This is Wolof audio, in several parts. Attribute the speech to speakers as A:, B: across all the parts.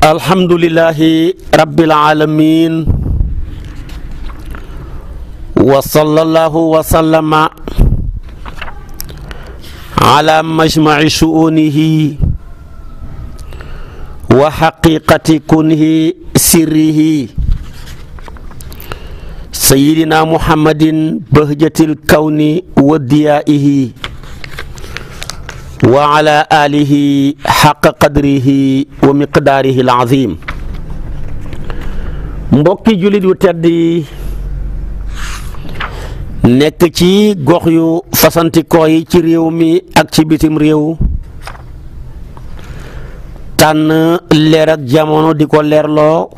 A: alhamdulillahi rabbil alamin wa sallallahu wa sallama ala majmaci shuunihi wa xaqiqati kunhi sirrihi sayyidina muhammadin bahjatil kawni wa diyaihi wa ala alihi xaqa qadrihi wa miqdaarihi alazim mbokki jullit wu tedd yi nekk ci gox yu fasantikoo yi ci réew mi ak ci bitim réew tànn leerak jamono di ko leerloo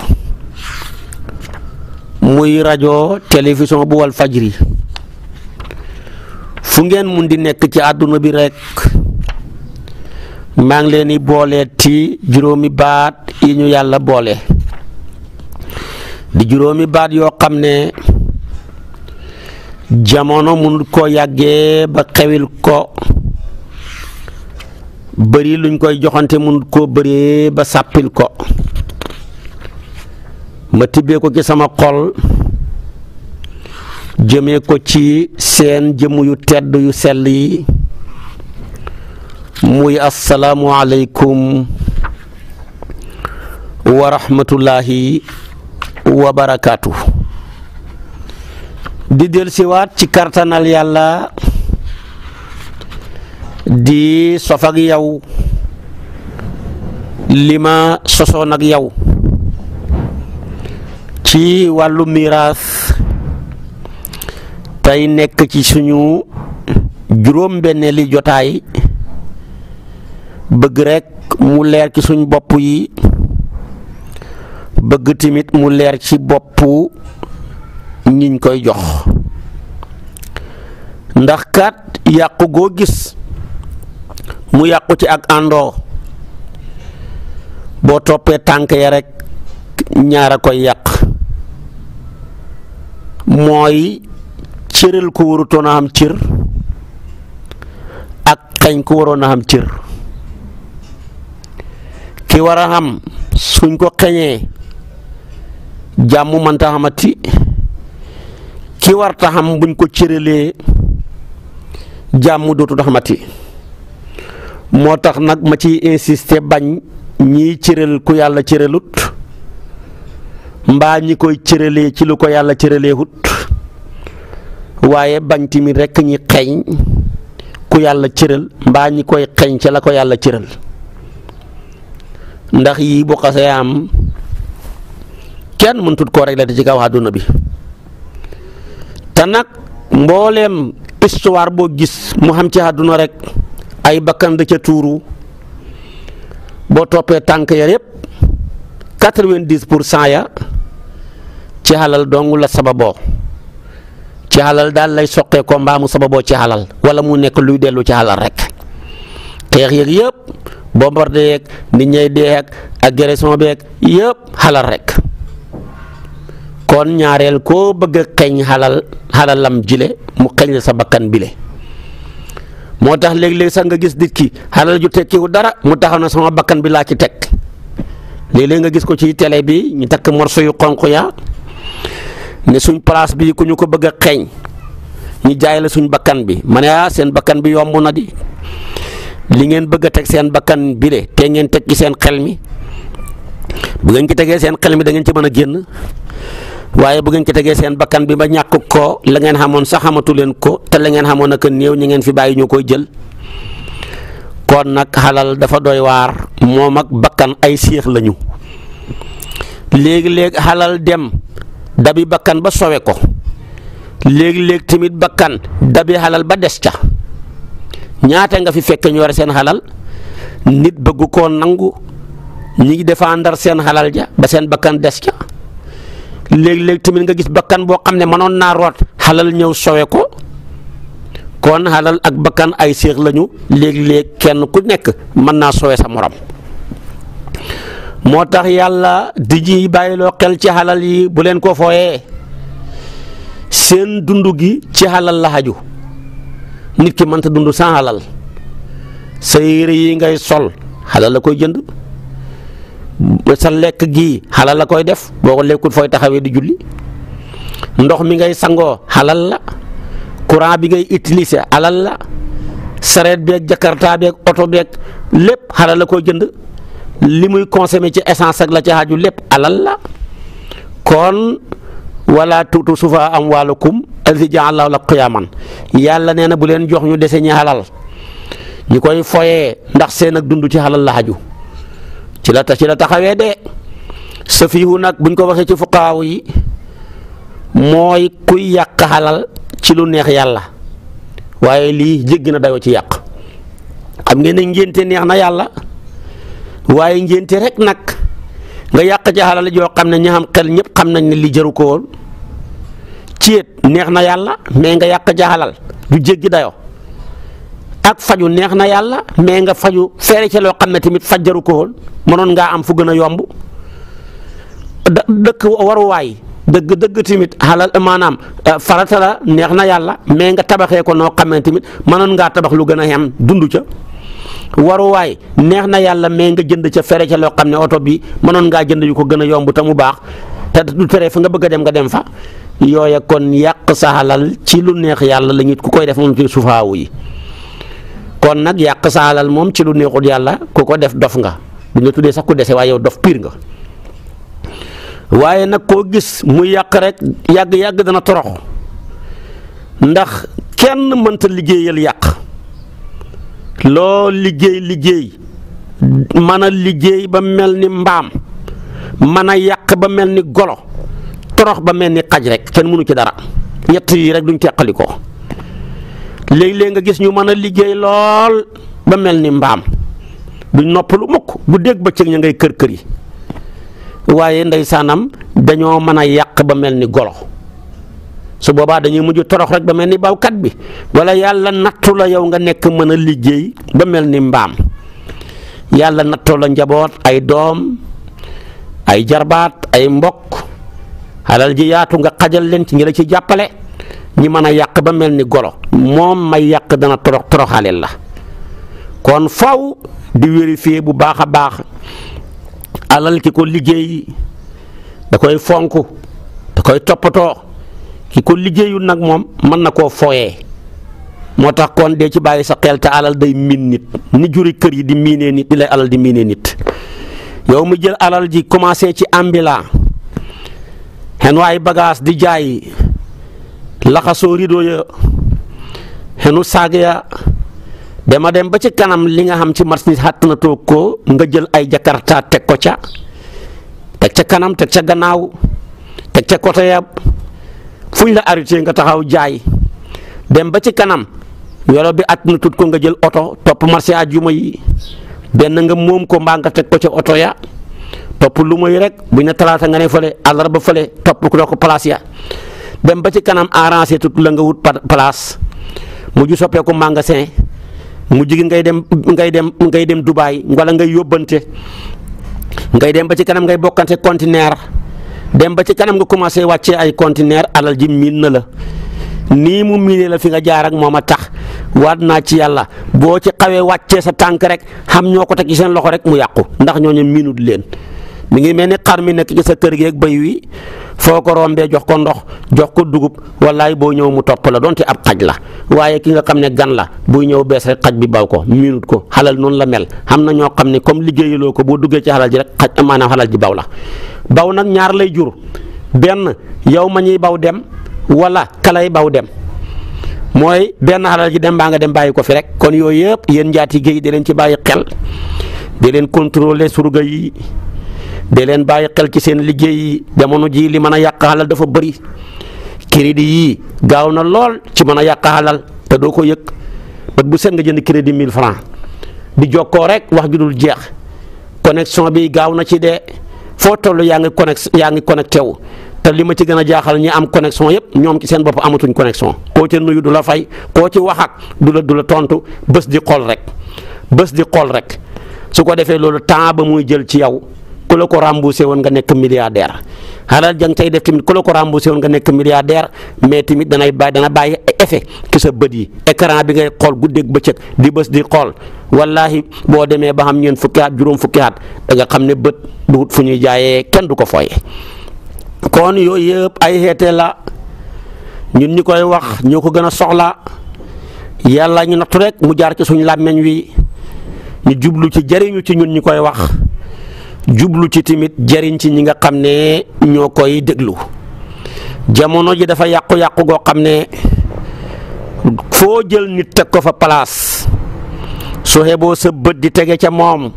A: muy rajo télévision bu Walfadjri fu ngeen mun di nekk ci àdduna bi rekk maa ngi leen di boole ci juróomi baat yi ñu yàlla boole di juróomi baat yoo xam ne jamono mënul koo yàggee ba xewil ko bëri luñ koy joxante mënul koo bëree ba sàppil ko ma tibbee ko ci sama xol jëmee ko ci seen jëmm yu tedd yu sell yi muy asalaamualeykum wa rahmatullahi wa barakaatu di dellusiwaat ci kartanal yàlla di sof ak yow li ma sosoon ak yow ci wàllu miraas tey nekk ci suñu juróom-benneeli jotaay. bëgg rekk mu leer ci suñ bopp yi bëgg timit mu leer ci boppu ñiñ koy jox ndax kat yàqu goo gis mu yàqu ci ak àndoo boo toppee tànk ya rekk ñaar a koy yàq mooy cëral ku warutoon a am cër ak xañ ku waroon a am cër ki war a am suñ ko xeñee jàmm mënta xamati ki war ta xam buñ ko cëralee jàmm dootu xamati moo tax nag ma ci insister bañ ñii cëral ku yàlla cëralut mbaa ñi koy cëralee ci lu ko yàlla cëralee hut waaye bañ tamit rekk ñi xeeñ ku yàlla cëral mbaa ñi koy xeeñ ca la ko yàlla cëral ndax yi bu xasee am kenn mënut koo rek réglé ci kaw àdduna bi te nag mbooleem histoire boo gis mu xam ci àdduna rek ay bakkan ca tuuru boo toppee tànk ya yëpp quatre pour cent ya ci xalal dong la sababoo ci xalal daal lay soqee ko mbaa mu sababoo ci xalal wala mu nekk luy dellu ci xalal rek xeex yëg yëpp. bombarde yeeg nit ñay dee ak agression beeg yëpp xalal rekk kon ñaareel koo bëgg a xeeñ xalal xalalam jile mu xeeñ la sa bakkan bile moo tax léeg-léeg sax nga gis nit ki xalal ju tekkiwu dara mu taxaw na sama bakkan bi laa ci teg léeg-léeg nga gis ko ci tele bi ñu takk morso yu xonq ya ne suñ place bi ku ñu ko bëgg a xeeñ ñu jaay la suñ bakkan bi ma ne ah, seen bakkan bi yomb na di li ngeen bëgg a teg seen bakkan bi de te ngeen teg ci seen xel mi bu ngeen ci tegee seen xel mi da ngeen ci mën a génn waaye bu ngeen ci tegee seen bakkan bi ba ñàkk ko la ngeen xamoon sax xamatu leen ko te la ngeen xamoon ak néew ñu ngeen fi bàyyi ñoo koy jël kon nag xalal dafa doy waar moom ak bakkan ay séex lañu léegi-léeg xalal dem dabi bakkan ba sowe ko léegi-léeg tamit bakkan dabi xalal ba des ca ñaata nga fi fekk ñu war seen xalal nit bëgg koo nangu ñi ngi défendre seen xalal ja ba seen bakkan des ca léeg-léeg tamit nga gis bakkan boo xam ne mënoon naa root xalal ñëw soowe ko kon xalal ak bakkan ay séex lañu léegi léeg kenn ku nekk mën naa soowe sa moroom moo tax yàlla di ji bàyyiloo xel ci xalal yi bu leen koo fooyee seen dund gi ci xalal la xaju nit ki mënta dund sans alal sa yére yi ngay sol xalal la koy jënd sa lekk gi xalal la koy def boo ko lekkul fooy taxawee di julli ndox mi ngay sangoo alal la courant bi ngay utiliser alal la sareet beeg jakarta beeg oto beeg lépp alal la koy jënd li muy consommer ci essence la ci xaaju lépp alal la kon wala tuutu sufa amwaalakum allazi ja'ala lakum qiyaaman yàlla nee na bu leen jox ñu dese ñi xalal ñu koy foyee ndax seen ak dund ci xalal la xaju ci la ci la taxawee de safiihu nag buñ ko waxee ci fuqaaw yi mooy kuy yàq xalal ci lu neex yàlla waaye lii jéggi na dayoo ci yàq xam ngeen ne ngénte neex na yàlla waaye ngénte rek nag. nga yàq ci xalal yoo xam ne ñi xam xel ñëpp xam nañ ne li jaru ko woon céet neex na yàlla mais nga yàq ci xalal du jéggi dayoo ak faju neex na yàlla mais nga faju feere ci loo xam ne tamit faj jaru ko woon mënoon ngaa am fu gën a yomb dëkk waruwaay dëgg dëgg tamit xalal maanaam eh, farata la neex na yàlla mais nga tabaxee ko noo xam ne tamit mënoon ngaa tabax lu gën a yem dundu ca. waruwaay neex na yàlla mais nga jënd ca fere ca loo xam ne oto bi mënoon ngaa jënd yu ko gën a yomb te mu baax te du tere fu nga bëgg a dem nga dem fa yooya kon yàq sa alal ci lu neex yàlla la nit ku koy def moom ci sufaawu yi kon nag yàq sa moom ci lu neexul yàlla ku ko def dof nga bu tuddee sax ku dese waaye yow dof piir nga waaye nag koo gis mu yàq rek yàgg yàgg dana torox ndax kenn mënta liggéeyal yàq. loo liggéey liggéey mën a liggéey ba mel ni mbaam mën a yàq ba mel ni golo torox ba mel ni xaj rek kenn mënu ci dara ñett yi rek duñ teqali ko léeg nga gis ñu mën a liggéey lool ba mel ni mbaam duñ noppalu mukk bu dégg bëccëg ña ngay kër kër yi waaye ndey saanam dañoo mën a yàq ba mel ni golo su boobaa dañuy mujj torox rek ba mel ni bawkat bi walla yàlla nattu la yow nga nekk mën a liggéey ba mel ni mbaam yàlla nattu la njaboot ay doom ay jarbaat ay mbokk alal ji yaatu nga xajal leen ci ñi la ci jàppale ñi mën a yàq ba mel ni golo moom may yàq dana torox toroxaleel la kon faw di vérifier bu baax a baax alal ki ko liggéey da koy fonk da koy toppatoo. ki ko liggéeyul nag moom mën na koo fooyee moo tax kon dee ci bàyyi sa xeel te alal day miin nit ni juri kër yi di miinee nit di lay alal di miinee nit yow mu jël alal ji commencé ci ambulant xen waay bagage di jaay laxasoo rido ya xenu saag ya dama dem ba ci kanam li nga xam ci marchandise xàtt na toog ko nga jël ay jakarta teg ko ca teg ca kanam teg ca gannaaw teg ca côté ya fuñ la arrêté nga taxaw jaay dem ba ci kanam yoro bi at na tut ko nga jël oto topp marché àjjuma yi benn nga moom ko mbaa nga teg ko ci oto ya topp lu may rek buñ ne talaata nga ne fële àllarba fële topp ku ko place ya dem ba ci kanam arrangé tut la nga wut place mujj soppeeku magasin mu gi ngay dem ngay dem ngay dem Dubaay wala ngay yóbbante ngay dem ba ci kanam ngay bokkante conteneur. dem ba ci kanam nga commencé wàccee ay conteneur alal ji miin na la nii mu miinee la fi nga jaarak moom a tax waat naa ci yàlla boo ci xawee wàccee sa tànk rek xam ñoo ko teg ci seen loxo rek mu yàqu ndax ñooñu miinut leen. mi ngi mel ni xar mi nekk ci sa kër gi ak béy wi foo ko rombee jox ko ndox jox ko dugub walla wallaay boo ñëw mu topp la donte ab xaj la waaye ki nga xam ne gan la buy ñëw bees rek xaj bi baw ko minute ko xalal noonu la mel xam na ñoo xam ne comme liggéeyaloo ko boo duggee ci xalal ji rek xaj maanaam xalal ji baw la baw nag ñaar lay jur benn yow ma ñuy baw dem walla kalay baw dem mooy benn xalal ji dem baa nga dem bàyyi ko fi rek kon yooyu yëpp yéen njaati géey di leen ci bàyyi xel di leen contrôler surga yi de leen bàyyi xel ci seen liggéey yi jamono jii li mën a yàq dafa bëri crédit yi gaaw na lool ci mën a yàq te doo ko yëg bët bu seen nga jënd crédit 1000 francs di jokkoo rek wax ju dul jeex connexion bi gaaw na ci dee foo toll yaa ngi connex yaa ngi connecté te li ma ci gën a jaaxal ñi am connexion yëpp ñoom ci seen bopp amatuñ connexion koo ci nuyu du la fay koo ci wax ak du la du la tontu bés di xool rek bés di xool rek su ko defee loolu temps ba muy jël ci yow. ku la ko remboursé woon nga nekk milliardaire xalal jang cay def tamit ku la ko remboursé woon nga nekk milliardaire mais tamit danay bàyyi dana bàyyi effet ci sa bët yi écran bi ngay xool guddeeg bëccëg di bës di xool wallahi boo demee ba xam ñeent fukki at juróom fukki at da nga xam ne bët dugut fu ñuy jaayee kenn du ko fooye kon yooyu yëpp ay xeete la ñun ñi koy wax ñoo ko gën a soxla yàlla ñu nattu rek mu jaar ci suñ làmmeñ wi ñu jublu ci jëriñu jublu ci tamit jariñ ci ñi nga xam ne ñoo koy déglu jamono ji dafa yàqu-yàqu goo xam ne foo jël nit teg ko fa place su xeboo sa bët di tege ca moom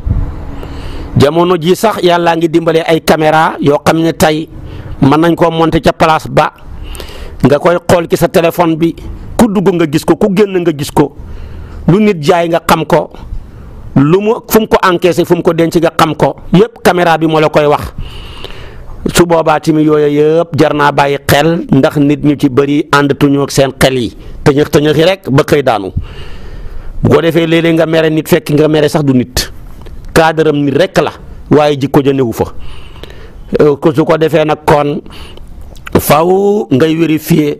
A: jamono ji sax yàllaa ngi dimbalee ay caméra yoo xam ne tey mën nañ koo monter ca place ba nga koy xool ci sa téléphone bi ku dugg nga gis ko ku génn nga gis ko lu nit jaay nga xam ko lu mu fu ko encaissé yi fum ko denc nga xam ko yëpp caméra bi moo la koy wax su boobaa tamit yooyu yëpp jar naa bàyyi xel ndax nit ñu ci bëri àndatuñu ak seen xel yi tëñëx tëñëxi yi rek ba xëy daanu bu ko defee léeg nga mere nit fekk nga mere sax du nit kaadaram nit rek la waaye jikko ja newu fa euh, ko su ko defee nag kon faw ngay vérifier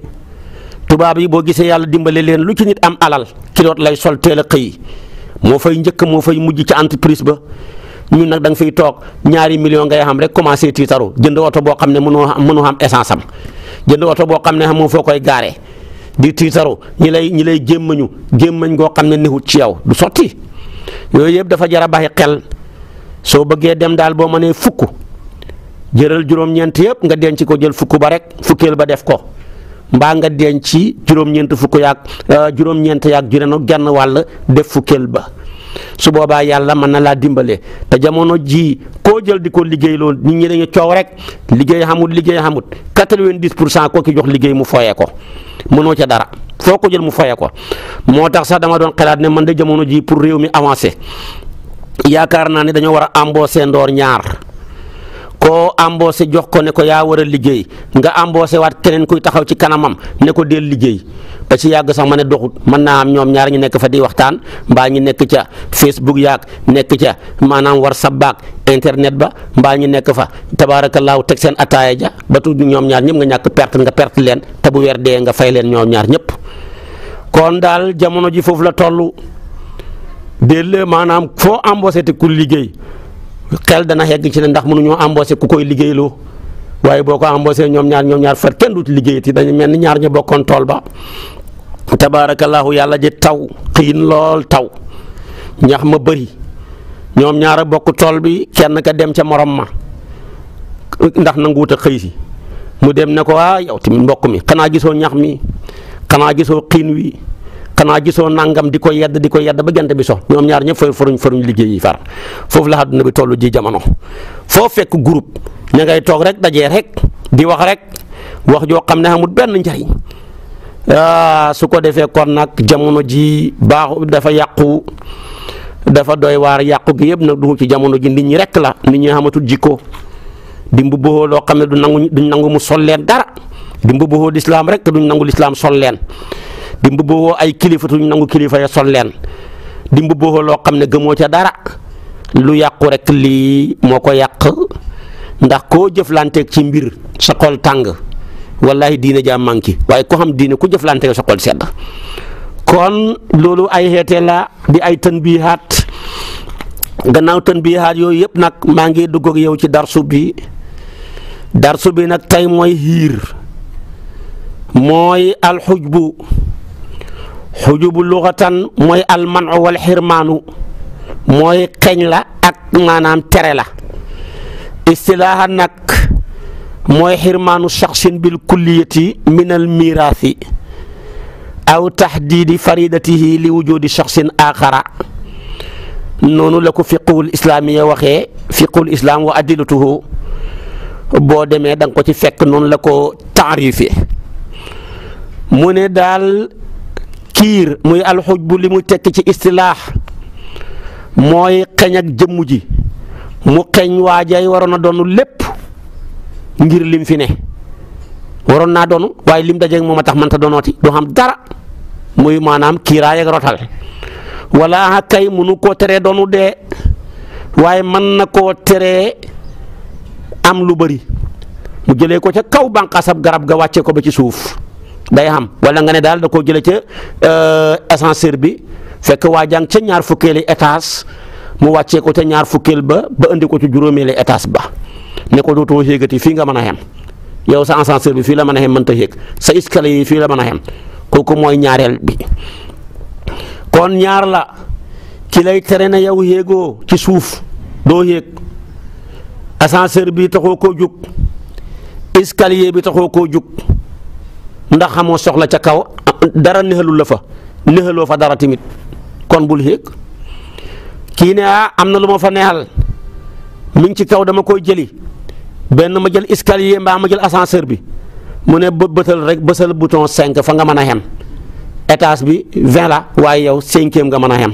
A: tubaab yi boo gisee yàlla dimbale leen lu ci nit am alal kiloot lay sol teel a xëy. moo fay njëkk moo fay mujj ci entreprise ba ñun nag danga nga fiy toog ñaari million ngay xam rek commencé tiitaru jënd oto boo xam ne mënoo mënoo xam essence am jënd oto boo xam ne moom foo koy gaaree di tiitaru ñi lay ñi lay gémmañu gémmañ goo xam ne newut ci yow du sotti yooyu yëpp dafa jar a bàyyi xel soo bëggee dem daal boo mënee fukk jëral juróom-ñeent yëpp nga denc ko jël fukk ba rek fukkeel ba def ko. mbaa nga denc ci juróom-ñeent fukk yaag euh, juróom-ñeent yaag juréno genn wàll def fukkeel ba su boobaa yàlla mën na laa dimbale te jamono ji koo jël di ko liggéey loolu nit ñi dañu coow rek liggéey xamut liggéey xamut quatre vingt pour cent koo ki jox liggéey mu foyee ko mënoo ca dara foo ko jël mu foyee ko moo tax sax dama doon xalaat ne man de jamono jii pour réew mi avancer yaakaar naa ne dañoo war a embaucher ndoor ñaar. koo embauché jox ko ne ko yaa war a liggéey nga embauché waat keneen kuy taxaw ci kanamam ne ko del liggéey ba ci yàgg sax ma ne doxut mën naa am ñoom ñaar ñu nekk fa di waxtaan mbaa ñu nekk ca Facebook yaag nekk ca maanaam WhatsApp baag internet ba mbaa ñu nekk fa tabaarakallaahu teg seen ataaya ja ba tudd ñoom ñaar ñëpp nga ñàkk pert nga pert leen te bu weer dee nga fay leen ñoom ñaar ñëpp kon daal jamono ji foofu la toll del maanaam foo embauché te liggéey. xel dana yegg ci ne ndax mënuñoo embauché ku koy liggéeyloo waaye boo ko embauché ñoom ñaar ñoom ñaar far kenn du liggéeyati dañu mel ni ñaar ña bokkoon tool ba tabaarakallaahu yàlla ji taw xiin lool taw ñax ma bari ñoom ñaar a bokk tool bi kenn ka dem ca morom ma ndax nanguwut a xëy si mu dem ne ko ah yow tamit mbokk mi xanaa gisoo ñax mi xanaa gisoo xiin wi. xanaa gisoo nangam di ko yedd di ko yedd ba jant bi so ñoom ñaar ñëpp fay faruñ faruñ liggéey yi far foofu la àdduna bi toll ji jamono foo fekk groupe ña toog rek dajee rek di wax rek joo xam ne amul benn njariñ ah, su ko defee kon nag jamono ji baaxu dafa yàqu dafa doy waar yàqu gi yëpp nag dugg ci jamono ji nit ñi rek la nit ñi xamatul jikko di mbubboo loo xam ne du nangu duñ nangu mu sol leen dara di mbubboo lislaam rek duñ nangu lislaam sol leen di mbubboo ay kilifa tuñ nangu kilifa ya sol leen di mbubboo loo xam ne gëmoo ca dara lu yàqu rek lii moo ko yàq ndax koo jëflanteeg ci mbir sa xol tàng wallahi diine jaa manqué waaye ku xam diine ku jëflanteeg sa xol sedd kon loolu ay xeete la di ay tën bii gannaaw tën bii yooyu yëpp nag maa ngi dugg ak yow ci darsu bi darsu bi nag tey mooy xiir mooy alxujbu xujubu luxatan mooy almanu wal xirmaanu mooy xeñ la ak maanaam tere la istilaaha nag mooy xirmaanu shaxsin bil kulliyati min al miraasi aw taxdiidi faridatihi li wujudi shaxsin aaxara noonu la ko fiqul islaamiya waxee fiqul islaam wa adilatuhu boo demee da ko ci fekk noonu la ko taarife mu ne daal kiir muy alxuj bu li mu tekk ci istilaax mooy xeñ ak jëmm ji mu xeñ waajay waroon a donnu lépp ngir lim fi ne waroon naa doonu waaye lim daje moom a tax mënta ti du xam dara muy maanaam kiiraay ak rotal wala kay munu koo teree doonu dee waaye man na koo teree am lu bari mu jëlee ko ca kaw bànqaasab garab ga wàccee ko ba ci suuf day am wala nga ne daal da koo jëlee ca euh, ascenseur bi fekk waa jàng ca ñaar fukkeeli étage mu wàccee ko ca ñaar fukkeel ba ba indi ko ci juróomeeli étage ba ne ko dootoo yéegati fii nga mën a yem yow sa ascenseur bi fii la mën a yem mënta yéeg sa escalier yi fii la mën a yem kooku mooy ñaareel bi kon ñaar la ki lay tere na yow yéegoo ci suuf doo yéeg ascenseur bi taxoo koo jug escalier bi taxoo koo jug. ndax xamoo soxla ca kaw dara nëxalul la fa nëxaloo fa dara tamit kon bul yéeg kii ne ah am na lu ma fa neexal mi ngi ci kaw dama koy jëli benn ma jël escalier mbaa ma jël ascenseur bi mu ne bë bëtal rek bësal bouton 5 fa nga mën a xem étage bi 20 la waaye yow cinquième nga mën a xem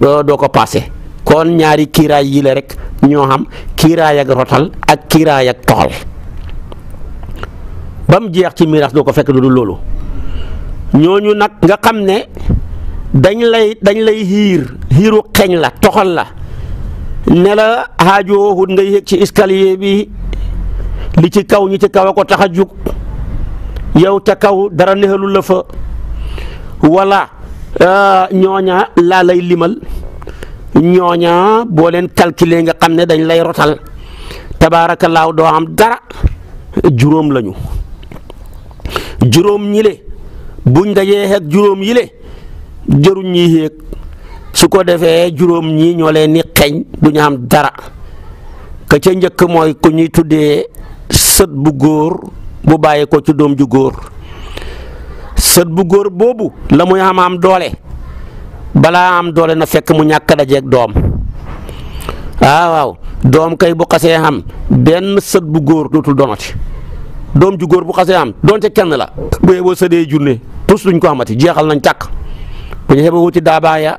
A: doo ko passé kon ñaari kiiraay yi la rek ñoo xam kiiraay ak rotal ak kiiraay ak toxal ba mu jeex ci miiras doo ko fekk lu dul loolu ñooñu nag nga xam ne dañ lay dañ lay xiir xiiru xeeñ la toxal la nela la xaajoowut nga yéeg ci escalier bi li ci kaw ñi ci kaw ko tax a jug yow ca kaw dara neexalu la fa wala euh, ñooña laa lay limal ñooña boo leen calculer nga xam ne dañ lay rotal laaw doo am dara juróom lañu juróom ñile buñ dajee xeeg juróom yile jëruñ ñi xéeg su ko defee juróom ñii ñoo leen ni xeeñ du ñu am dara ka ca njëkk mooy ku ñuy tuddee sët bu góor bu bàyyi ko ci doom ju góor sët bu góor boobu la muy am am doole balaa am doole na fekk mu ñàkk dajeeg doom waaw waaw doom kay bu kasee am benn sët bu góor dootul donati doom ju góor bu xasee am doonte kenn la bu yeboo sëdee jurne tus duñ ko xamati jeexal nañ càkk bu ñu xeboo wuti daabaaya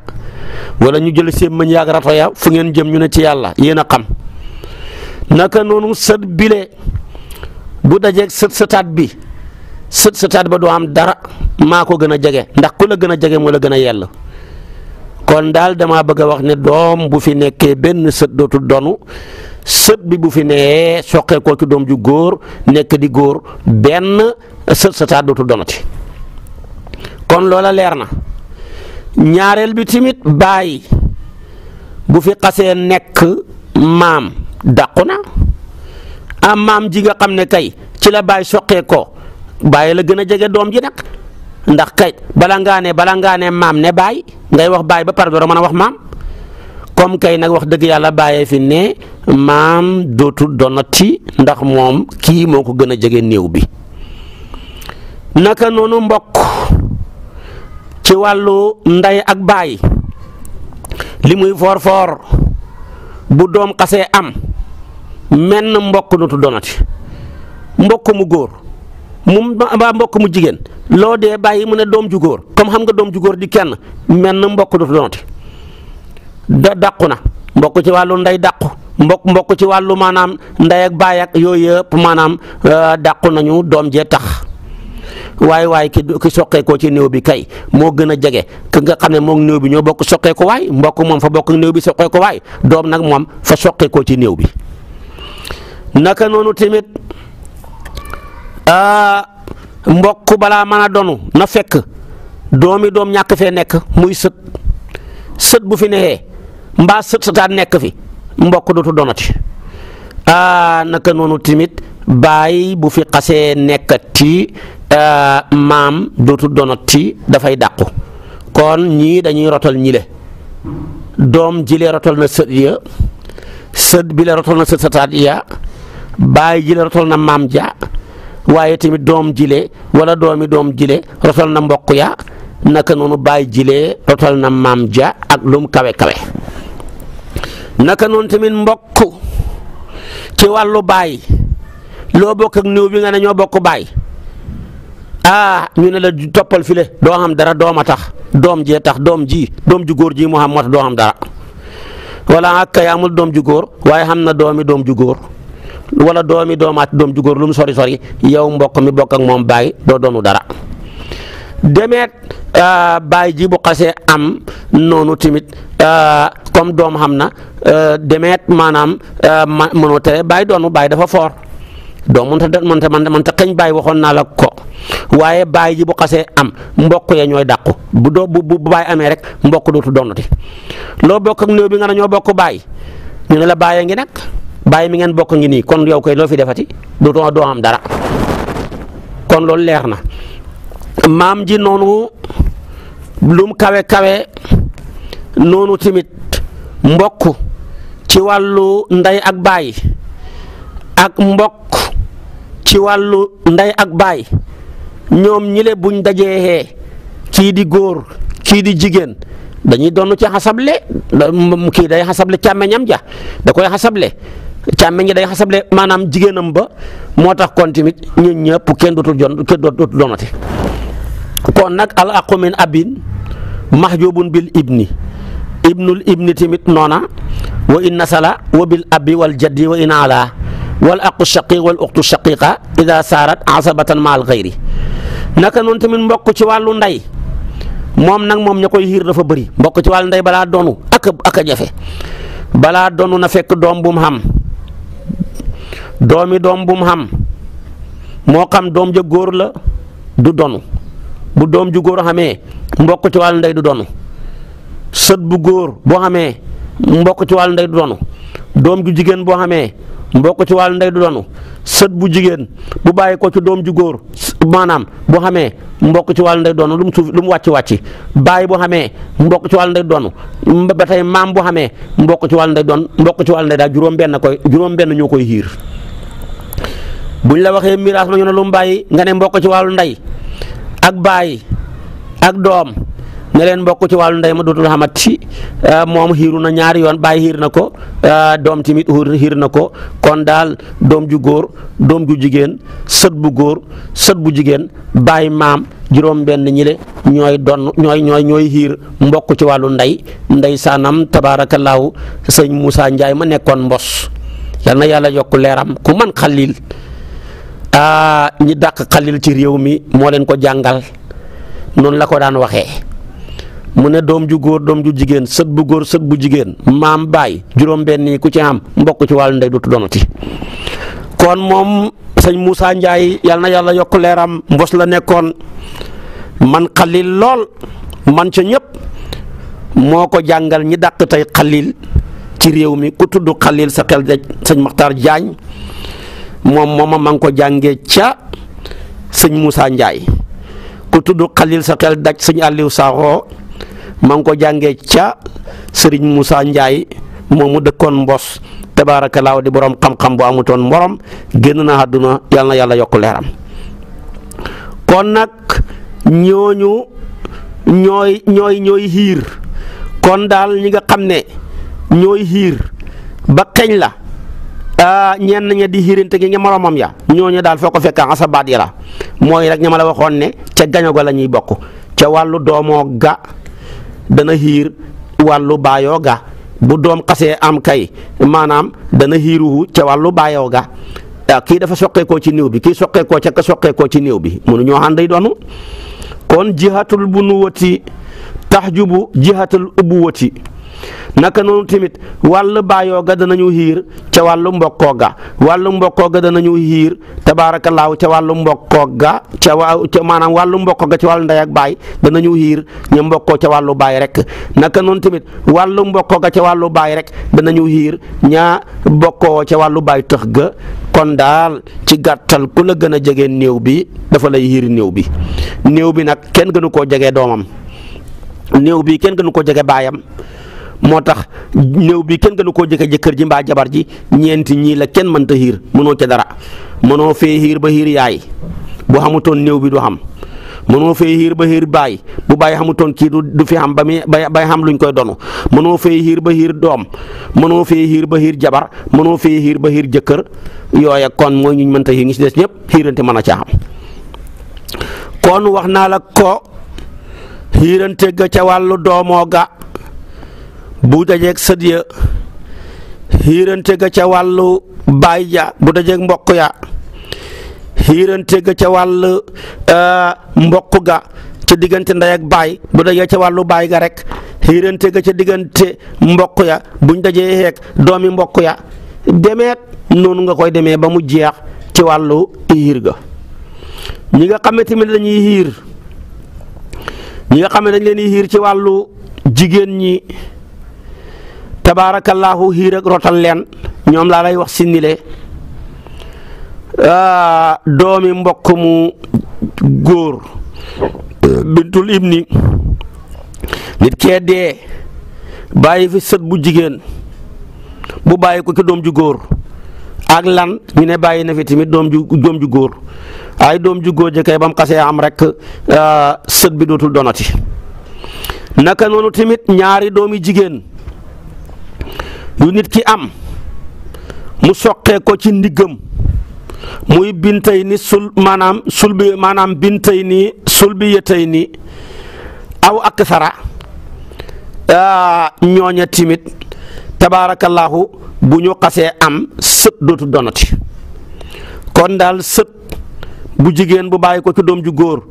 A: walla ñu jël seen mañ yaag rato ya fu ngeen jëm ñu ne ci yàlla yéen a xam naka noonu sët bile bu dajeeg sët sëtaat bi sët sëtaat ba doo am dara maa ko gën a jege ndax ku la gën a jege moo la gën a yell kon daal dama bëgg a wax ne doom bu fi nekkee benn sët dootul donu sët bi bu fi nee soqee ko ci doom ju góor nekk di góor benn sët sëtaat dootul donati kon loola leer na ñaareel bi tamit bàyyi bu fi xasee nekk maam dàqu na am maam ji nga xam ne kay ci la bàyyi soqee ko bàyyi la gën a jege doom ji nag ndax kay bala ngaa ne bala ngaa ne maam ne baay ngay wax baay ba pare doo mën a wax maam comme kay nag wax dëgg yàlla bàyyee fi ne maam dootul donati ndax moom kii moo ko gën a jege néew bi naka noonu mbokk ci wàllu ndey ak baay li muy foor foor bu doom xasee am menn mbokk dootul donati mbokk mu góor mu ba mbokk mu jigéen loo dee bàyyi mu ne doom ju góor comme xam nga doom ju góor di kenn menn mbokk du doonati da dàqu na mbokk ci wàllu ndey dàqu mbokk mbokk ci wàllu maanaam ndey ak baay ak yooyu yëpp maanaam euh, dàqu nañu doom jee tax waaye waaye ki ki soqeekoo ci néew bi kay moo gën a jege ki nga xam ne mook néew bi ñoo bokk ko waaye mbokk moom fa bokk néew bi ko waaye doom nag moom fa soqeekoo ci néew bi naka noonu tamit. Euh, mbokk balaa mën a donu na fekk doomi doom ñàkk fee nekk muy sët sët bu fi nexee mbaa sët sëtaat nekk fi mbokk dootu donati ah naka noonu tamit baay bu fi xasee nekkati euh, maam dootu donati dafay dàqu kon ñii dañuy rotal ñile doom jile rotal na sët ya sët bi la na sët sëtaat ya baay jile rotal na maam ja waaye tamit doom jile wala doomi doom jile rotal na mbokk ya naka noonu baay jile rotal na maam ja ak lum kawe kawe naka noon tamit mbokk ci wàllu baay loo bokk ak néew bi nga ne ñoo bokk baay ah ñu ne la toppal file doo dara doom a tax doom jee tax doom ji doom ju góor ji mu xam moo tax dara wala ak kay amul doom ju góor waaye xam na doomi doom ju góor wala doomi doomaat doom ju góor lu mu sori sori yow mbokk mi bokk ak moom baay doo doonu dara demeet euh, baay ji bu xasee am noonu tamit euh, comme doom xam na euh, demeet maanaam ma mënoo tere baay doonu baay dafa foor doom mënta de mënta ta xëñ baay waxoon naa la ko waaye baay ji bu xasee am mbokk ya ñooy daqu bu doo bu baay amee rek mbokk dootu doonati loo bokk néew bi nga ne ñoo bokk baay ñu ne la baay a ngi nag. bàyyi mi ngeen bokk ngi nii kon yow koy loo fi defati du doo doo am dara kon loolu leer na maam ji noonu lum kawe kawe noonu tamit mbokk ci wàllu ndey ak baay ak mbokk ci wàllu nday ak baay ñoom ñile buñ dajee kii di góor kii di jigéen dañuy doon ci xasable kii day xasable càmmeñam ja da koy xasable càmmeñ gi day xasable maanaam jigéenam ba moo tax kon tamit ñun ñëpp kenn dootul jon kenn dootul doonati kon nag al aqu min abin mahjubun bil ibni ibnul ibni tamit noona wa in nasala wa bil abi wal jaddi wa in ala wal aqu shaqiq wal uqtu shaqiqa ida saarat asabatan maal xayri naka noonu tamit mbokk ci wàllu ndey moom nag moom ña koy xiir dafa bëri mbokk ci wàllu ndey balaa doonu ak ak a jafe balaa doonu na fekk doom bu mu xam doomi doom bu mu xam moo xam doom ja góor la du donu bu doom ju góor xamee mbokk ci wàll ndey du donu sët bu góor boo xamee mbokk ci wàll ndey du donu doom ju jigéen boo xamee mbokk ci wàll ndey du donu sët bu jigéen bu bàyyi ko ci doom ju góor maanaam boo xamee mbokk ci wàll ndey doonu lu mu suuf lu mu wàcc wàcc bàyyi boo xamee mbokk ci wàll ndey doonu ba tey maam boo xamee mbokk ci wàll ndey doon mbokk ci wàll ndey daal juróom-benn koy juróom-benn ñoo koy xiir bu ñu la waxee miraas ma ñu ne lu mu nga ne mbokk ci wàllu ndey ak bàyyi ak doom ne leen mbokk ci wàllu ndey ma dootul xamat ci euh, moom xiiru na ñaari yoon bàyyi xiir na ko euh, doom tamit xiir na ko kon daal doom ju góor doom ju jigéen sët bu góor sët bu jigéen bàyyi maam juróom benn ñile ñooy don ñooy ñooy ñooy xiir mbokk ci wàllu ndey ndey saanam tabaarakallaahu sëñ Moussa njaay ma nekkoon mbos yal na yàlla yokk leeram ku man xalil ñi dàq xalil ci réew mi moo leen ko jàngal noonu la ko daan waxee mu ne doom ju góor doom ju jigéen sët bu góor sët bu jigéen maam baay juróom-benn ku ci am mbokk ci wàllu ndey dootu doonati kon moom sëñ Moussa Ndiaye yal na yàlla yokk leeram mbos la nekkoon man xalil lool man ca ñépp moo ko jàngal ñi dàq tey xalil ci réew mi ku tudd xalil sa xel daj sëñ Makhtar Diagne. moom mooma ma ngi ko jàngee ca sëñ Moussa Ndiaye ku tudd xalil sa xel daj sëñ Aliou Sakho ma ngi ko jàngee ca sëriñ Moussa Ndiaye moomu dëkkoon mbos tabaarakalaaw di borom xam-xam bu amutoon morom génn na àdduna yàlla yàlla yokk leeram kon nag ñooñu ñooy ñooy ñooy xiir kon daal ñi nga xam ne ñooy xiir ba xeeñ la Ah, ñenn ña di xirinte gi ña moromam ya ñooñu daal foo ko fekk asabaat yi la mooy rek ña ma la waxoon ne ca gaño ga la ñuy bokk ca wàllu doomoo ga dana xiir wàllu baayoo ga bu doom xasee am kay maanaam dana xiiruhu ca wàllu baayoo ga ah, kii dafa soqeekoo ci néew bi kii soqeekoo ca ka soqeekoo ci néew bi mënu ñoo ànd day doonu kon jihatul bunuwati taxjubu jihatul ubuwati naka noonu tamit wàllu baayoo ga danañu xiir ca wàllu mbokkoo ga wàllu mbokkoo ga danañu xiir tabaarakallaahu ca wàllu mbokkoo ga ca waaw ca maanaam wàllu mbokkoo ga ca wàllu ndey ak baay danañu xiir ña mbokkoo ca wàllu baay rek naka noonu tamit wàllu mbokkoo ga ca wàllu baay rek danañu xiir ña bokkoo ca wàllu baay tëx ga kon daal ci gàttal ku la gën a jege néew bi dafa lay xiir néew bi néew bi nag kenn gënu koo jege doomam néew bi kenn gënu ko jege baayam moo tax néew bi kenn gënu koo jëkk jëkkër ji mbaa jabar ji ñeenti ñii la kenn mënta xiir mënoo ca dara mënoo fee xiir ba xiir yaay bu xamutoon néew bi du xam mënoo fee xiir ba xiir bu baay xamutoon kii du du fi xam ba muy bay xam luñ koy donu mënoo fee xiir ba xiir doom mënoo fee xiir ba xiir jabar mënoo fee xiir ba xiir jëkkër yooya kon mooy ñu mënta xiir ñi si des ñëpp xiirante mën a ca xam kon wax naa la ko xiirante ga ca wàllu doomoo ga bu dajeeg sët ya ga ca wàllu baay ja bu dajeeg mbokk ya xiirante ga ca wàllu euh, mbokk ga ca diggante ndey ak baay bu dajee ca wàllu baay ga rek xiirante ga ca diggante mbokk ya buñ dajee xeeg doomi mbokk ya demeet noonu nga koy demee ba mu jeex ci wàllu xiir ga ñi nga xam ne tamit dañuy xiir ñi nga xam ci wàllu jigéen ñi tabaarakallaahu xiir ak rotal leen ñoom laa lay wax si nile ah, doomi mbokk mu góor bintul ibni nit kee dee bàyyi fi sët bu jigéen bu bàyyi ko ki doom ju góor ak lan ñu ne bàyyi na fi tamit doom ju doom ju góor ay doom ju góor jëkkee ba mu xasee am rek ah, sët bi dootul donati naka noonu tamit ñaari doomi jigéen yu nit ki am mu soqee ko ci ndiggam muy bintay ni sul maanaam sulbi maanaam bintay ni sulbi yëtay ni aw ak sara ah, ñooña timit tabaarakallaahu bu ñu xasee am sët dootu donati kon daal sët bu jigéen bu bàyyi ko ci doom ju góor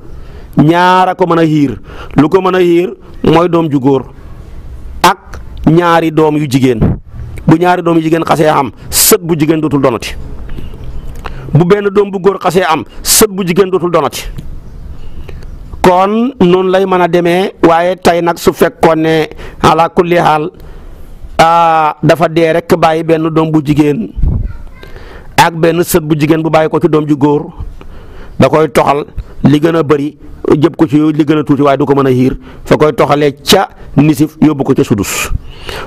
A: ñaara ko mën a hiir lu ko mën a hiir mooy doom ju góor ak ñaari doom yu jigéen bu ñaari doom yu jigéen xasee am sët bu jigéen dootul donati bu benn doom bu góor xasee am sët bu jigéen dootul donati kon noonu lay mën a demee waaye tey nag su fekkoon ne ala kulli xaal dafa dee rek bàyyi benn doom bu jigéen ak benn sët bu jigéen bu bàyyi ko ci doom ju góor da koy toxal li gën a bari jëb ko ci li gën a tuuti waaye du ko mën a xiir fa koy toxalee ca nisif yóbbu ko ca sudus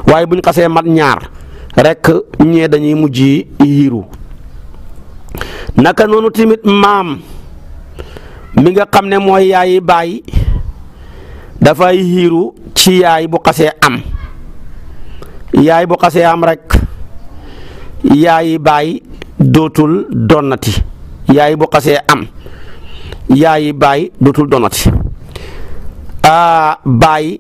A: waaye buñ xasee mat ñaar rekk ñee dañuy mujj yiiru naka noonu tamit maam mi nga xam ne mooy yaayi baay dafay yiiru ci yaay bu xasee am yaay bu xasee am rekk yaay baay dootul donnati yaay bu xasee am yaay baay dootul donnati aa baay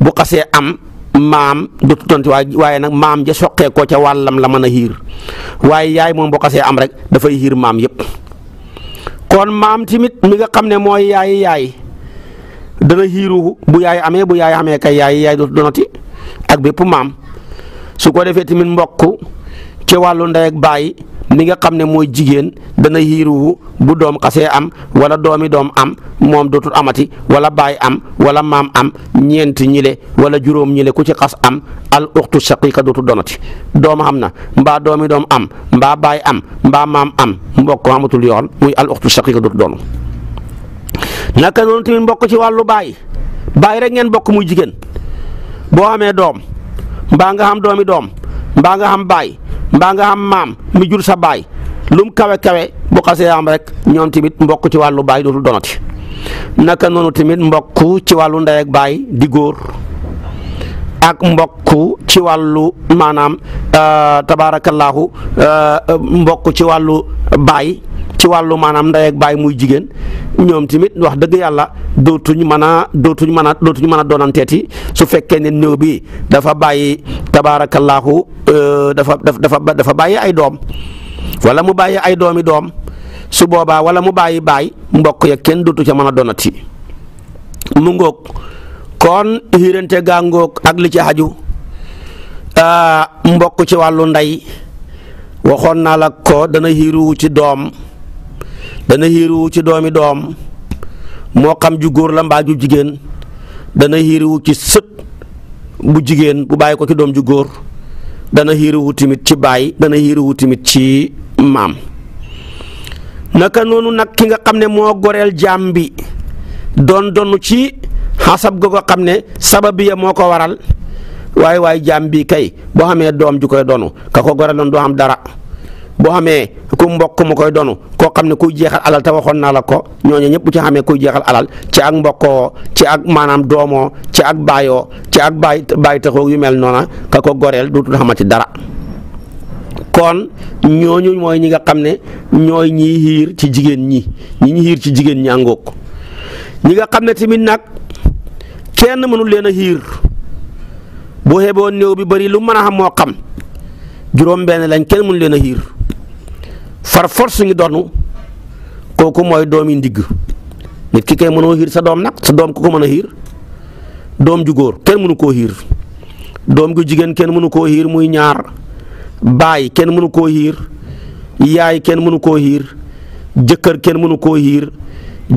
A: bu xasee am maam dootu tonti waaye nag maam ja soqee ko ca wàllam la mën a xiir waaye yaay moom boo am rek dafay xiir maam yépp kon maam tamit mi nga xam ne mooy yaay yaay dana xiiru bu yaay amee bu yaay amee kay yaay yaay dootu donati ak bépp maam su ko defee tamit mbokk ci wàllu ndey ak baay mi nga xam ne mooy jigéen dana xiiruwu bu doom xasee am wala doomi doom am moom dootul amati wala baay am wala maam am ñeent ñile wala juróom ñile ku ci xas am al uxtu shaqiqa dootul donati doom am na mbaa doomi doom am mbaa baay am mbaa maam am mbokk amatul yoon muy al uxtu shaqiqa dootul doonu naka noonu tamit mbokk ci wàllu baay baay rek ngeen bokk mu jigéen boo amee doom mbaa nga xam doomi doom mbaa nga xam baay mbaa nga xam maam mi jur sa baay lum kawe kawe bu xasee am rek ñoom tamit mbokk ci wàllu baay dootul donati naka noonu tamit mbokk ci wàllu ndey baay di góor ak mbokk ci wàllu maanaam euh, tabaarakallaahu euh, mbokk ci wàllu baay ci wàllu maanaam ndey bàyyi muy jigéen ñoom tamit wax dëgg yàlla dootuñ mën a dootuñ mën dootuñ mën a doonanteeti su fekkee ne néew bii dafa bàyyi tabaarakallaahu euh, dafa dafa dafa bàyyi ay doom wala mu bàyyi ay doomi doom su boobaa wala mu bàyyi bàyyi mbokk ya kenn dootu ca mën a doonati mu ngoog kon xiirante gaa ngoog ak li ci xaju mbokk ci wàllu ndey waxoon naa la ko dana xiiru ci doom dana xiiriwu ci doomi doom moo xam ju góor la mbaa ju jigéen dana xiiriwu ci sët bu jigéen bu bàyyi ko ci doom ju góor dana xiiriwu tamit ci bàyyi dana xiiriwu tamit ci maam naka noonu nag ki nga xam ne moo goreel jaam bi doon donnu ci xasab ga xam ne sabab ya moo ko waral waaye waaye jaam bi kay boo xamee doom ju koy donu ka ko goreel doon doo xam dara boo xamee ku mbokk mu koy doonu koo xam ne kuy jeexal alal te waxoon naa la ko ñooñu ñëpp bu ci xamee kuy jeexal alal ci ak mbokkoo ci ak maanaam doomoo ci ak baayoo ci ak baay baay taxoo yu mel noona ka ko goreel dootul ci dara kon ñooñu mooy ñi nga xam ne ñooy ñiy xiir ci jigéen ñi ñi ñi xiir ci jigéen ñi àngoog ñi nga xam ne tamit nag kenn mënul leen a xiir bu xeeboon néew bi bari lu mën a xam moo xam juróom-benn lañ kenn mënu leen a xiir far force ñu donn kooku mooy doomi ndigg nit ki kay mënoo xiir sa doom nag sa doom ku ko mën a xiir doom ju góor kenn mënu koo xiir doom ju jigéen kenn mënu koo xiir muy ñaar baay kenn mënu koo xiir yaay kenn mënu koo xiir jëkkër kenn mënu koo xiir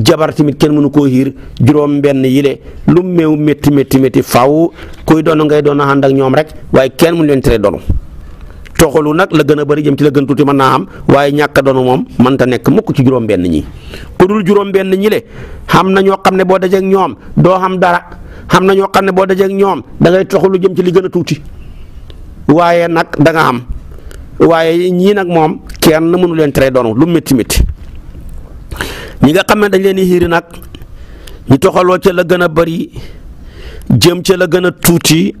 A: jabar tamit kenn mënu koo xiir juróom benn yile lu meew métti métti métti faw kuy doon ngay doon ànd ak ñoom rek waaye kenn mënu leen tere doon toxalu nag la gën a bari jëm ci la gën tuuti mën naa am waaye ñàkk doonu doon moom mënta nekk mukk ci juróom-benn ñi ku dul juróom-benn ñi le xam na ñoo xam ne boo dajeeg ñoom doo xam dara xam na ñoo xam ne boo dajeeg ñoom dangay ngay toxalu jëm ci li gën a tuuti waaye nag da am waaye ñii nag moom kenn mënu leen tere doonu lu métti métti ñi nga xam ne dañ leen di nag ñu toxaloo ca la gën a bëri jëm ca la gën a tuuti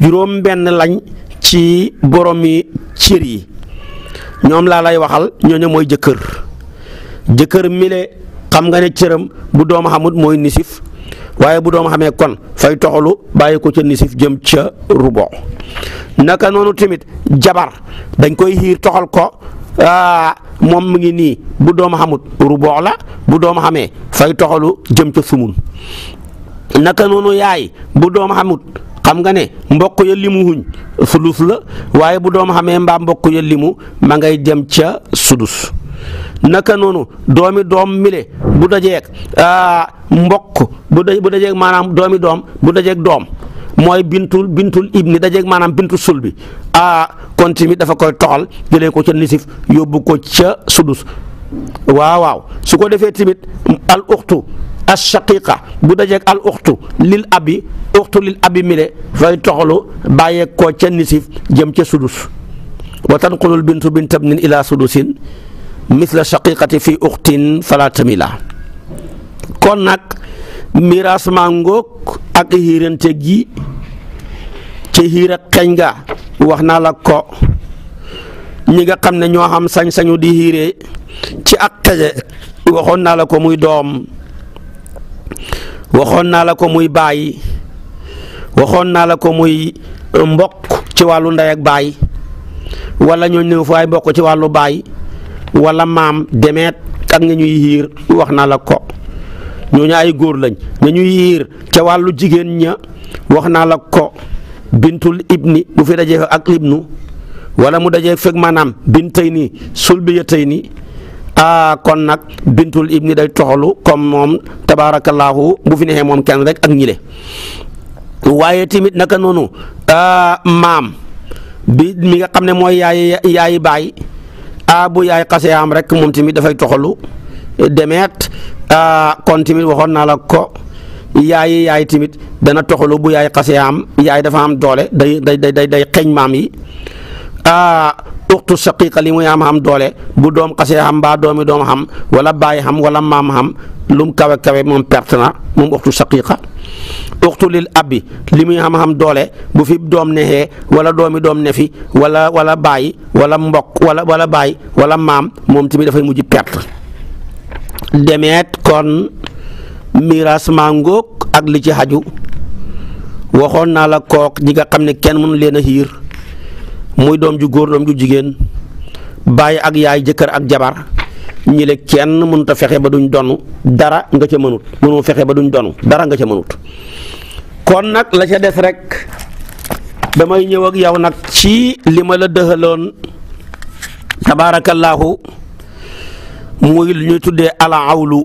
A: juróom-benn lañ. ci boromi cër yi ñoom laa lay waxal ñooñu mooy jëkkër jëkkër mile xam nga ne cëram bu doomu xamut mooy nisif waaye bu doom xamee kon fay toxalu bàyyi ko ca nisif jëm ca rubo naka noonu tamit jabar dañ koy xiir toxal ko moom mu ngi nii bu doom xamut rubo la bu doomu xamee fay toxalu jëm ca sumun naka noonu yaay bu doom xamut xam nga ne mbokk ya limu huñ sulus la waaye bu doom xamee mbaa mbokk ya limu ma ngay jëm ca sudus naka noonu doomi doom mile bu dajeek dajeeg mbokk bu da bu dajeeg maanaam doomi doom bu dajeek doom mooy bintul bintul ibni dajeeg maanaam bintul sul bi a kon tamit dafa koy toxal jëlee ko ca nisif yóbbu ko ca sudus waaw waaw su ko defee tamit al uxtu ashaqiqa bu dajeeg al uxtu lil abi uxtu lil abi mile fay toxalu bàyyeeg koo ca nisif jëm ca sudus wa tanqulul bintu binta bnin ila sudusin misla shaqiqati fi uxtin fala tamila kon nag miraas maa ngoog ak xiirante gi ci xiir ak xeñ nga wax naa la ko ñi nga xam ne ñoo xam sañ-sañu di xiiree ci ak xeje waxoon naa la ko muy doom waxoon naa la ko muy bàyyi waxoon naa la ko muy euh, mbokk ci wàllu ndey ak baay wala ñooñ ñëw fa ay mbokk ci wàllu baay wala maam demeet ak nga ñuy yiir wax naa la ko ñooñu ay góor lañ nga ñuy yiir ca wàllu jigéen ña wax naa la ko bintul ibni bu fi dajee ak ibnu wala mu dajee fekk maanaam bintay nii sulbiya tey nii Ah, kon nag bintul ibni day toxalu comme moom tabaarakallaahu bu fi neexee moom kenn rek ak ñile waaye tamit naka noonu ah, maam bi mi nga xam ne mooy yaay yaay baay a ah, bu yaay xasee am rek moom tamit dafay toxalu demeet kon tamit waxoon naa la ko yaay yaay tamit dana toxalu bu yaay xasee am yaay dafa am doole day day day day xeeñ maam yi uxtu shaqiqa li muy am xam doole bu doom xasee xam baa doomi doom xam wala bàyyi xam wala maam xam lum kawe kawe moom perte na moom uxtu shaqiqa uxtu lil abbi li muy xam xam doole bu fi doom nexee wala doomi doom ne fi wala wala bàyyi wala mbokk wala wala bàyyi wala maam moom tamit dafay mujj perte demeet kon miiras maa ngóog ak li ci xaju waxoon naa la kook ñi nga xam ne kenn mënu leen a xiir muy doom ju góor doom ju jigéen bàyyi ak yaay jëkkër ak jabar ñi le kenn mënut a fexe ba duñ donu dara nga ca mënut mënoo fexe ba duñ donu dara nga ca mënut kon nag la ca des rek damay ñëw ak yow nag ci li ma la dëxaloon tabaarakallaahu muy lu ñu tuddee ala awlu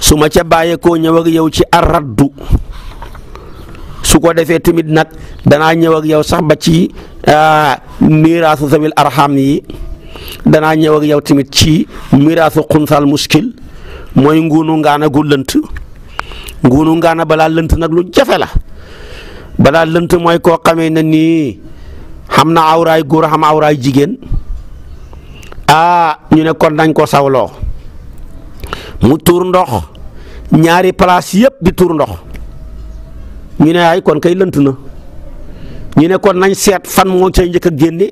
A: su ma ca bàyyeekoo ñëw ak yow ci arraddu su ko defee tamit nag danaa ñëw ak yow sax ba ci euh, miraasu zawil arham yi danaa ñëw ak yow tamit ci miraasu xunsal muskil mooy nguunu ngaana gu lënt nguunu ngaana bala lënt nag lu jafe la balaa lënt mooy koo xamee na nii xam na awraay góor xam awraay jigéen ah ñu ne kon ko sawloo mu tuur ndox ñaari place yëpp di tuur ndox ñu ne ay kon kay lënt na ñu ne kon nañ seet fan moo cay njëkk génne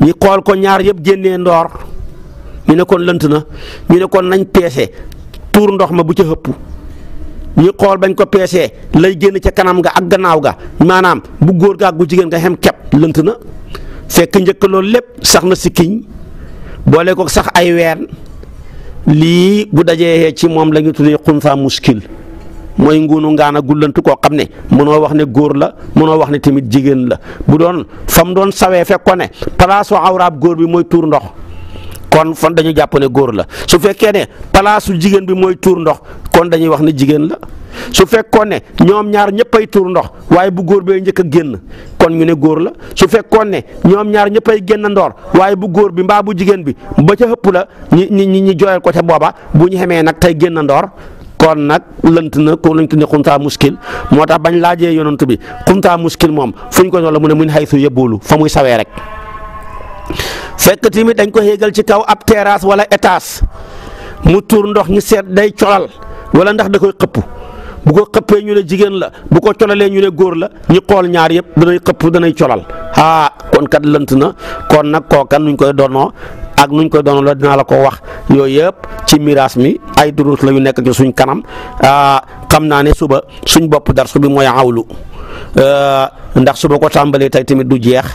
A: ñu xool ko ñaar yëpp génnee ndoor ñu ne kon lënt na ñu ne kon nañ peese tuur ndox ma bu ca xëpp ñu xool bañ ko peese lay génn ca kanam ga ak gannaaw ga maanaam bu góor ga ak bu jigéen nga xem kepp lënt na fekk njëkk loolu lépp sax na sikkiñ boole ko sax ay ween lii bu dajee ci moom la ñu tuddee xunfa muskil mooy nguunu ngaan a gullant koo xam ne mënoo wax ne góor la mënoo wax ne tamit jigéen la bu doon fam doon sawee fekk ko ne palaasu awraab góor bi mooy tuur ndox kon fan dañu jàpp ne góor la su fekkee ne palaasu jigéen bi mooy tuur ndox kon dañuy wax ne jigéen su fekkoon ne ñoom ñaar ñëppay tuur ndox waaye bu góor bee njëkk a génn kon ñu ne góor la su fekkoon ne ñoom ñaar ñëppay génn ndoor waaye bu góor bi mbaa bu jigéen bi ba ca ëpp la ñi ñi ñi jooyal ko ca booba bu ñu xamee nag tey génn ndoor kon nag lënt na ko lañ tuddee xuntaa muskil moo tax bañ laajee yonantu bi xuntaa muskil moom fuñ ko soxla mu ne mun xaysu yëbboolu fa muy sawee rek fekk tamit dañ ko yéegal ci kaw ab terrasse wala étage mu tuur ndox ñu seet day colal wala ndax da koy xëpp. bu ko xëppee ñu ne jigéen la bu ko colalee ñu ne góor la ñu xool ñaar yëpp danay xëpp danay colal ah kon kat lënt na kon nag kookan nuñ koy doonoo ak nuñ koy doonoo la dinaa la ko wax yooyu yëpp ci miraas mi ay duruus la yu nekk ci suñ kanam ah, xam naa ne suba suñ bopp darsu bi mooy awlu ah, ndax su ma ko tàmbalee tey tamit du jeex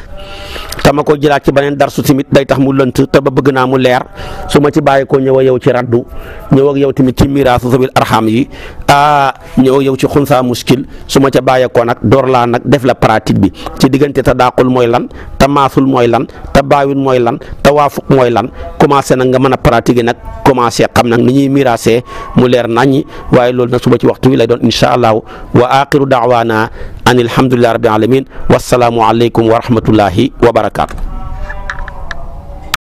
A: te ma ko jëlaat ci beneen darsu tamit day tax mu lënt te ba bëgg naa mu leer su ma ci bàyyi ko ñëw ak yow ci raddu ñëw ak yow tamit ci miraasu sabil yi ah ñëw yow ci xunsaa muskil su ma ca bàyyeekoo nag door laa nag def la pratique bi ci diggante te daaqul mooy lan te maasul mooy lan te baawin mooy lan te waafuq mooy lan commencé nag nga mën a pratiquer nag commencé xam nag ni ñuy miraasee mu leer naññi waaye loolu nag suba ci waxtu wi lay doon incha allahu wa axiru daawaana an alhamdulillahi rabbil alamin wassalaamu aleykum wa rahmatullahi wa barakaatu.